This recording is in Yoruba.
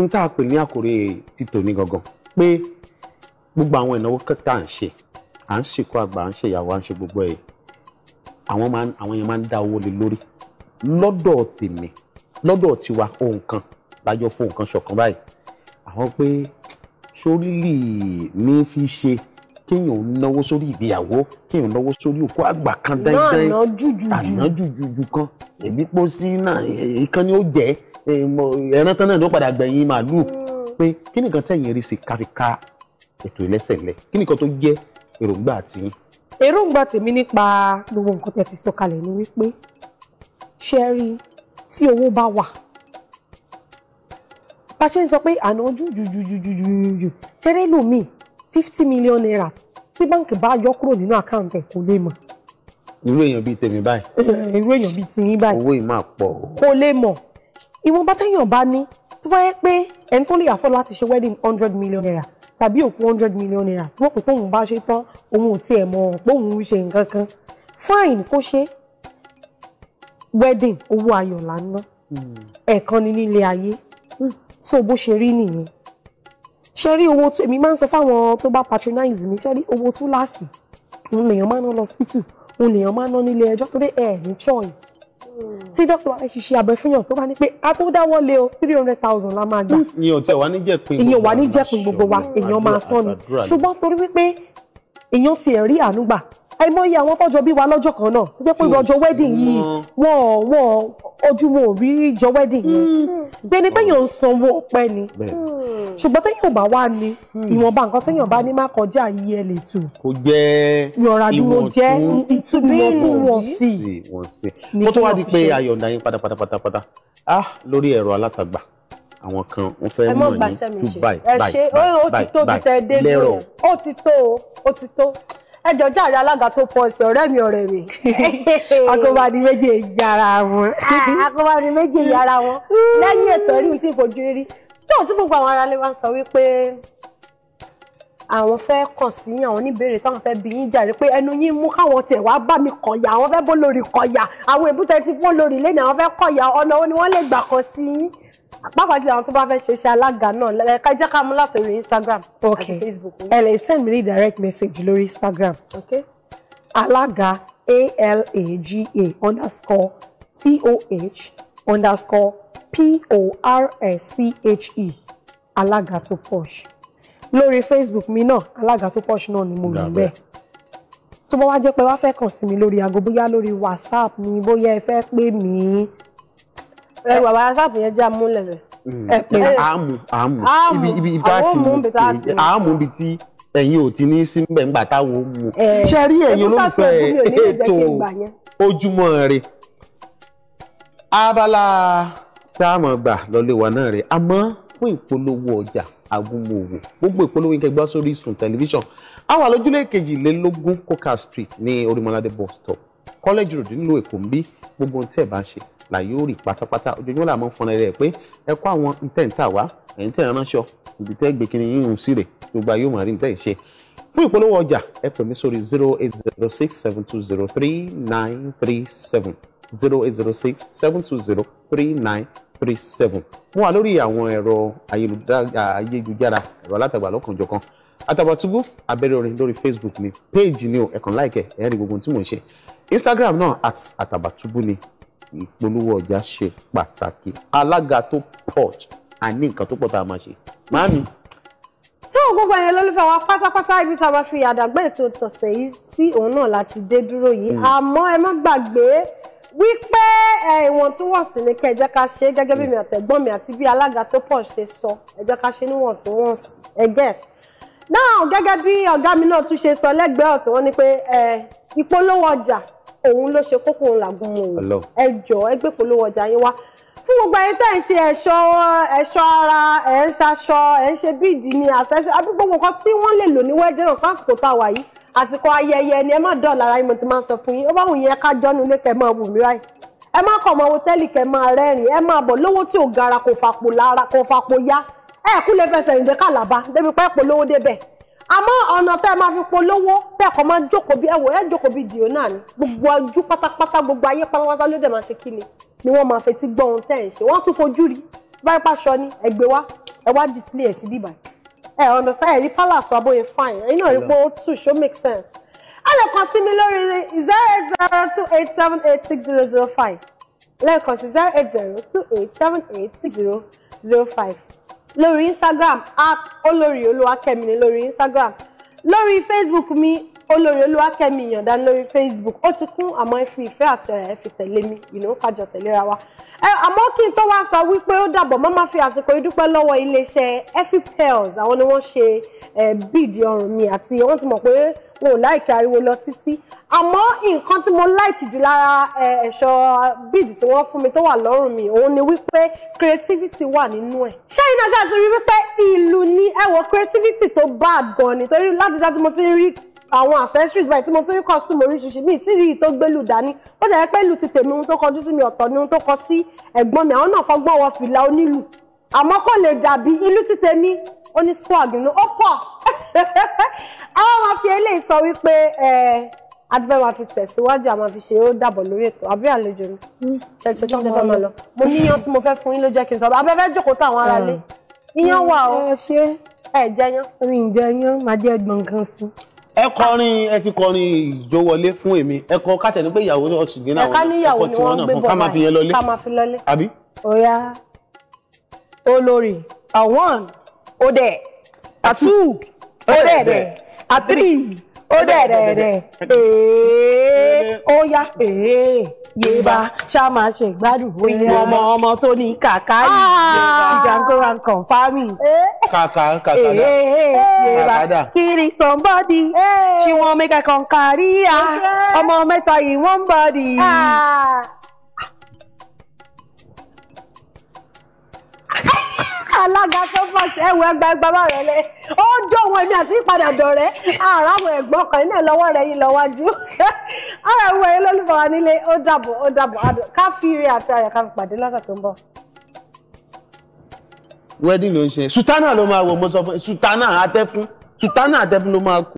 n tá a pè ní àkòrí títò ní gangan pé gbogbo àwọn ìnáwó tá à ń ṣe à ń sìnkú àgbà à ń ṣe ìyàwó à ń ṣe gbogbo ẹ̀ àwọn máa àwọn yẹn máa ń dá owó lé lórí lọ́dọ̀ tèmi lọ́dọ̀ tiwa ohun kan lájọ fún nǹkan ṣọ̀kan báyìí àwọn pé sórílì ní fi ṣe kéèyàn ń náwó sórí ìgbéyàwó kéèyàn ń náwó sórí òkú àgbà kan dáńdáń àná jùjùjù àná jùjùjù kan èbí pósí náà èyí kan ni ó jẹ́ ẹran tán náà ló padà gbẹ̀yìn màálùú mm. pé kí nìkan tẹ̀yìn rí sí káfíká ètò ìlẹ́sẹ̀lẹ̀ kí nìkan tó jẹ́ èròǹgbà tiyín. èròǹgbà tèmi nípa gbogbo nǹkan tẹ́ ti sọ kalẹ̀ ni wípé ṣe rí tí owó bá wà bá ṣe ń sọ pé àná jùjùjùjùjùjù ṣe rí lómi fifty million naira tí báǹkì bá yọ kúrò nínú àkáǹtì ẹ̀ kò lè mọ̀ irú èèyàn bíi tèmi báyìí. irú èèyàn bíi tiyín báyìí. owó yìí máa pọ̀. kò lè mọ̀ ìwọ̀nba téèyàn bá ní tó bá yẹ pé ẹni tó lè àfọ́ láti ṣe wedding hundred million naira tàbí òkú hundred million naira wọ́n pè tóun bá ṣe tán òun ò tiẹ̀ mọ̀ pé òun ń ṣe nǹkan kan fine kó ṣe wedding owó ayọ̀ là ń ná hmm. ẹ̀ẹ̀kan ni nílé ayé so bó ṣe rí nìyẹn ṣe rí owó èmi máa ń sọ fáwọn tó bá patronize mi ṣe rí owó túláàsì òun lèèyàn máa ń ná lọ hospital òun lèèyàn máa ń ná nílé ẹjọ́ torí ẹ̀ ní choice Hmm. tí dókítà wa fẹ́ ṣiṣẹ́ abẹ fún yàn tó bá ní pé a tó dáwọ́ lé o three hundred thousand la máa gbà. ìyẹn ò tẹ wá ní jẹpin gbogbo ìyẹn wà ní jẹpin gbogbo wa èèyàn máa sán ni ṣùgbọ́n torí wípé èèyàn ti ẹ̀rí àánú gbà àìmọye àwọn tọ́jọ́ bí wa lọ́jọ́ kan náà wípé pé hmm. wedding yìí hmm. wọ́n wọ́n ojúmọ́ ò rí jọ wedding yẹn gbé hmm. ni pé yóò sanwó ọpẹ́ ni hmm. ṣùgbọ́n téèyàn ò bá wà ní hmm. ìwọ̀nba nǹkan téèyàn bá ní má kọjá yìí ẹ lè tù. kò jẹ́ ìwọ̀ntúnwọ̀nsì kó tó wá di pé ayọ̀ ọ̀dà yín pátápátá pátápátá ah lórí ẹ̀rọ alátagbà àwọn kan wọ́n fẹ́ mọ̀ ní dubai báyìí báyìí báyìí lẹ́rọ̀ ó ti tó ó ti tó ó ti tó ẹ jọ jàre alága tó pọ̀ sí ọ̀rẹ́ mi ọ̀rẹ́ mi akọbani méjì yàrá wọn. Ah, akọbani méjì yàrá wọn lẹ́yìn ètò ẹ̀rí tí ìfojú rí tóun tí gbogbo àwọn aráalé wa ń sọ wípé àwọn fẹ́ kàn sí àwọn oníbèrè táwọn fẹ́ bí yín jàre pé ẹnu yín mú káwọn tẹ̀ wá bá mi kọ̀yà àwọn fẹ́ bó lórí kọ̀yà àwọn èbúté tí wọ́n lórí lẹ́nu àwọn fẹ́ kọ̀yà ọ̀nà wo ni wọ́n lè gbà kàn sí yín pàápàá jùlọ àwọn tó bá fẹ́ ṣe iṣẹ́ alága náà ká jẹ́ ká mú látòrí instagram àti facebook. ẹ lè send me direct message lórí instagram alága alaga underscore toh underscore p-o-r-s-c-h-e alága tó push. lórí facebook mi náà alága tó push náà ni mo lò bẹ́ẹ̀ tó bá wá jẹ́ pé wá fẹ́ kàn sí mi lórí aago bóyá lórí whatsapp mi bóyá ẹ fẹ́ pè mí ẹ wà wá sáàpù yẹn já múlẹ̀ rẹ̀. Mm. ẹ é àmú àmú ibi ibi tá ti mú àmú ibi tí ẹ̀yin ò ti ní sí mbẹ̀ ńgbà táwo mu ṣe rí ẹ̀yin olólùfẹ́ ètò ojúmọ́ ire abala tá a mọ̀ gbà lọ́lé wa náà rè àmọ́ fún ìpolówó ọjà agúnmòwò gbogbo ìpolówó yín kẹgbẹ́ sórí Orísun tẹlifíṣàn a wà kejìlélógún coca street ní orímọládé bus stop college road nílùú èkó ń bí gbogbo ohun tẹ́ ẹ̀ bá ń ṣe là yóò rí pátápátá ojoojúmọ́ làmọ́ fúnra rẹ̀ pé ẹ kó àwọn ntẹ̀ǹtà wá ẹ̀yìn tẹ̀ ránṣọ ibi tẹ́ gbé kiri yíyún sí rè gbogbo ayé òmùrà rí ntẹ̀ ṣe fún ìpolówó ọjà ẹ pè mí sórí zero eight zero six seven two zero three nine three seven zero eight zero six seven two zero three nine three seven mo wà lórí àwọn ẹ̀rọ ayélujára ẹ̀rọ alátagbà lọ́kànjọ̀kan àtàbàtúbú abẹ́rẹ́ orin lórí facebook mi péèjì ni o ẹ̀kan láìkẹ́ ẹ̀yẹ́rì gbogbo ohun tí mò ń ṣe instagram náà at àtàbàtúbú ni ìpolówó ọjà ṣe pàtàkì alága tó pọ̀ a ní nǹkan tó pọ̀ tá a máa ṣe màámi. tí òun gbogbo ẹ̀yẹ lólùfẹ́ wa pátápátá ibi tá a bá fi àdàgbà ètò tọ̀sẹ̀ yìí sí òun náà láti dé dúró yìí mm. àmọ́ ẹ má gbàgbé wípé ìwọ̀ntúnwọ̀nsì ni kẹ́ ẹ jẹ́ ká ṣe gẹ́gẹ́ bí mm. mi àtẹ̀gbọ́n mi àti bí alága tó pọ̀ ṣe sọ ẹ jẹ́ ká ṣe níwọ̀ntúnwọ̀nsì ẹ get náà gẹ́gẹ́ bí ọ̀gá mi náà tún ṣe sọ lẹ́gbẹ̀ẹ́ ọ̀tún wọn ni pé ìpolówó ọjà òun ló ṣe kókó òun làgùn mò ń ẹ jọ̀ọ́ ẹ gbé polówó ọjà yín wá fún gbogbo ẹni tẹ́ ń ṣe ẹ̀ṣọ́ ẹ̀ṣọ́ ara ẹ̀ ń ṣaṣọ ẹ̀ ń ṣe bíìdì ni àṣẹṣọ àbí gbogbo nǹkan tí wọ́n lè lò ní wẹ́ẹ́dẹ́ náà fásitì tá a yìí àsìkò ayẹyẹ ni ẹ má dọ̀ọ̀lá ara yín mo ti máa sọ fún yín ó bá wù yín ká jọ́nu ilé kẹ́ máa wù mí ráì ẹ má kọ̀ mọ́ hòtẹ́ẹ̀lì kẹ́ máa rẹ́rìn ẹ máa bọ̀ lówó tí ò gara kò fàpò lára kò fàpò yá ẹ kú lè fẹsẹ̀ ìdẹ́kàlàbà débi pẹ́ polówó débẹ̀ àmọ́ ọ̀nà tẹ́ máa fi polówó bẹ́ẹ̀ máa jókòó bí ẹ̀wọ̀ ẹ̀ jókòó bí dìó náà ni gbogbo ojú pátápátá gbogbo ayé pátápátá ló dẹ̀ máa ṣe kí ni ni máa fetí gbọ́ ohun tẹ́ ẹ̀ ṣe wọ́n tún fojú rí báyìí pàṣọ ni ẹgbẹ́ wa ẹ wá display ẹ̀ sí bíbá ẹ understand ẹ palace wa bóyá fine ẹ̀yin náà rí pé ó tù ṣó make sense ẹ lè kàn sí mi lórí zero eight zero two eight seven eight six zero zero five lẹ́ẹ̀kan sí zero eight zero two eight seven eight six zero zero five lórí Instagram at olórí olúwakẹ́mi ni lórí Instagram lórí Facebook mi olórí olúwakẹ́mi ìyàndá lórí facebook ó ti kún àmọ́ ẹ fi ìfẹ́ àti ẹ fi tẹ̀lé mi ìnáwó kájọ tẹ̀léra wa. ẹ àmọ́ kí n tó wá sọ wípé ó dàbọ̀ má má fi àsìkò ìdúpẹ́ lọ́wọ́ iléeṣẹ́ efipels àwọn ni wọ́n ṣe bíìdì ọrùn mi àti wọ́n ti mọ̀ pé wọn ò láìkí ariwo lọ títí àmọ́ nǹkan tí mo láìkì jù lára ẹ̀ṣọ́ bíìdì tí wọ́n fún mi tó wà lọ́rùn mi òun ni wípé creativity wà nínú ẹ̀. ṣẹ́yìn náà ṣáà ti rí wípé ìlú ní ẹ̀wọ̀ creativity tó bá gan ni torí láti dá tí mo ti rí àwọn accessories báyìí tí mo ti rí costume oríṣiríṣi mi ti rí i tó gbélú dání ó jẹ́ pé ìlú ti tèmi ohun tó kọjú sí mi ọ̀tọ̀ ni ohun tó kọ sí ẹ̀gbọ́n mi àwọn náà fọgbọ́n wọ fìlà onílù àmọ́ kò lè dàbí ìlú ti tèmi ó ní swag nínú ó pọ̀ àwọn máa fi eléyìí sọ wípé a ti fẹ́ máa fi tẹ̀síwájú a máa fi ṣe ó dàbọ̀ lórí ètò àbí àlejò mi ṣẹ̀ṣẹ̀ tó fẹ́ máa lọ mo níyan tí mo fẹ́ fún yín ló jẹ́ kí n sọ abẹ́fẹ́ jókòó táwọn aráalé ah. iyán wà ó ẹ jẹ yán. mi ì jẹ yán máa jẹ gbọ̀ngàn sí i ẹ kọrin ẹ ti kọrin ìjówọlé fún èmi ẹ kọ kátẹ ní pé ìyàwó ọsìngín náà ẹkọ tí wọn náà fún ká máa fi yẹn lọlé ká máa fi lọlé àbí. oya olórí àwọn òde àtú òde àtírì ó dẹ̀rẹ̀ rẹ̀ èé ó yá èé yéba ṣá máa ṣe ìgbádùn oyin ọmọ ọmọ tó ní kàkà yìí ah! ìjàngóra nǹkan fámì. kàkà kàkà dà yéba kiri somebody ṣé wọn mẹ́kẹ̀ẹ́ kan kárí ya ọmọ mẹ́ta yìí one body. Ah! alága sọfọs ẹwọ ẹgbà ẹgbà bá rẹ lẹ ó dọwọn ẹni àti ìpadà dọ̀rẹ́ ara àwọn ẹ̀gbọ́n kan iná lọ́wọ́ rẹ yìí lọwájú ara ẹwọ ẹyẹ lólùfọ wa nílé ó dàbọ̀ ó dàbọ̀ adùn ká fi ire àti ayọ̀ ká fi pàdé lọ́sẹ̀ tó ń bọ̀. wedding ló ń ṣe sultana ló máa wọ mo sọ fún sultana atẹ́fún sultana atẹ́fún ló máa kú.